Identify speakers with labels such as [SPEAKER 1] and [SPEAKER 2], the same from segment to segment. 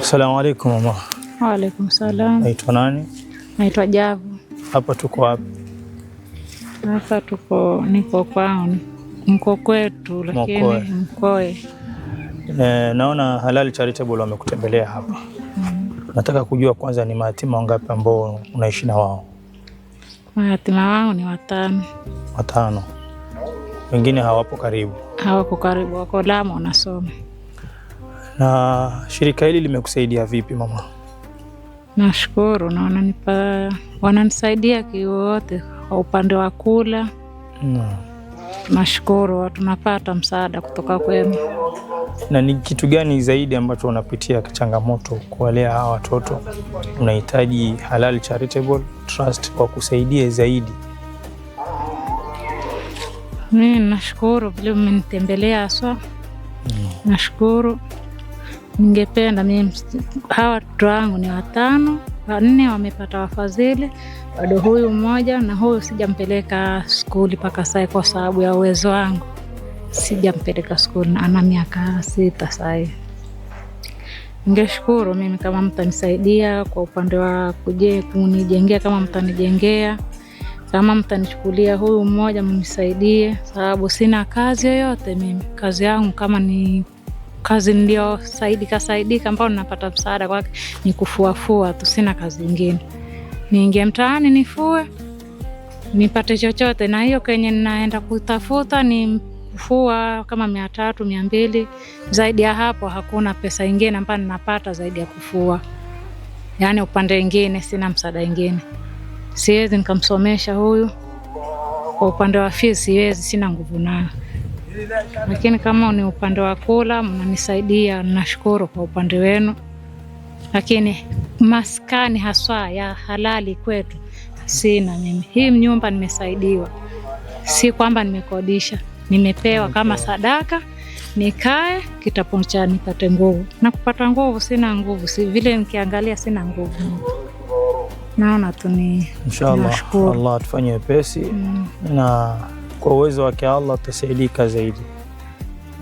[SPEAKER 1] Asalamu alaikum mama.
[SPEAKER 2] Wa alaykum salam.
[SPEAKER 1] Naitwa nani?
[SPEAKER 2] Naitwa Javu.
[SPEAKER 1] Hapa tuko wapi?
[SPEAKER 2] Hapa tuko niko kwao, mko kwetu, lakini Mkoe.
[SPEAKER 1] E, naona Halal Charitable wamekutembelea hapa mm. Nataka kujua kwanza ni mayatima wangapi ambao unaishi na wao?
[SPEAKER 2] Mayatima wao ni watano.
[SPEAKER 1] Watano. Wengine hawapo karibu?
[SPEAKER 2] Hawako karibu, wako Lamu wanasoma
[SPEAKER 1] na shirika hili limekusaidia vipi mama?
[SPEAKER 2] Nashukuru na wananipa wananisaidia kiwote kwa upande wa kula na. Nashukuru tunapata msaada kutoka kwenu.
[SPEAKER 1] Na ni kitu gani zaidi ambacho unapitia changamoto kuwalea hawa watoto? Unahitaji Halal Charitable Trust kwa kusaidia zaidi.
[SPEAKER 2] Mimi nashukuru vile mmenitembelea haswa. Mm. Nashukuru Ningependa mimi hawa watoto wangu ni watano, wanne wamepata wafadhili, bado huyu mmoja, na huyu sijampeleka skuli mpaka sai kwa sababu ya uwezo wangu, sijampeleka skuli, ana miaka sita sai. Ningeshukuru mimi kama mtanisaidia kwa upande wa kuje kunijengea, kama mtanijengea, kama mtanichukulia huyu mmoja mnisaidie, sababu sina kazi yoyote mimi. Kazi yangu kama ni kazi niliyosaidika saidika ambayo ninapata msaada kwake ni kufuafua tu, sina kazi ingine. Niingie mtaani nifue nipate chochote, na hiyo kenye ninaenda kutafuta ni kufua kama mia tatu mia mbili. Zaidi ya hapo hakuna pesa ingine ambayo ninapata zaidi ya kufua, yaani upande wengine sina msaada ingine. Siwezi nikamsomesha huyu kwa upande wa fisi, siwezi, sina nguvu nayo lakini kama ni upande wa kula mnanisaidia, nashukuru kwa upande wenu, lakini maskani haswa ya halali kwetu sina mimi. Hii nyumba nimesaidiwa, si kwamba nimekodisha, nimepewa kama sadaka nikae kitabu nipate nguvu na kupata nguvu. Sina nguvu, si vile nikiangalia, sina nguvu. Naona tu ni inshallah,
[SPEAKER 1] Allah atufanye wepesi mm. na kwa uwezo wake Allah utasaidika zaidi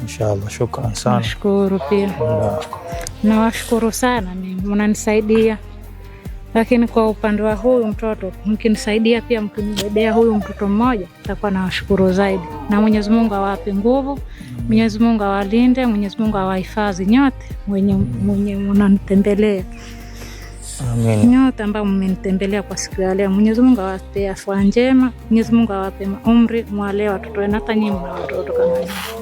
[SPEAKER 1] inshallah. Shukran sana,
[SPEAKER 2] nashukuru pia na. Nawashukuru sana, mimi mnanisaidia, lakini kwa upande wa huyu mtoto mkinisaidia pia mkinibebea huyu mtoto mmoja, nitakuwa nawashukuru zaidi, na Mwenyezi Mungu awape nguvu, Mwenyezi Mungu awalinde, Mwenyezi Mungu awahifadhi nyote mwenye mwenye mnanitembelea. Amen. Nyote ambao mmenitembelea kwa siku ya leo, Mwenyezi Mungu awape afya njema, Mwenyezi Mungu awape umri mwaleo watoto wenu, hata nyinyi mna watoto kama nyinyi.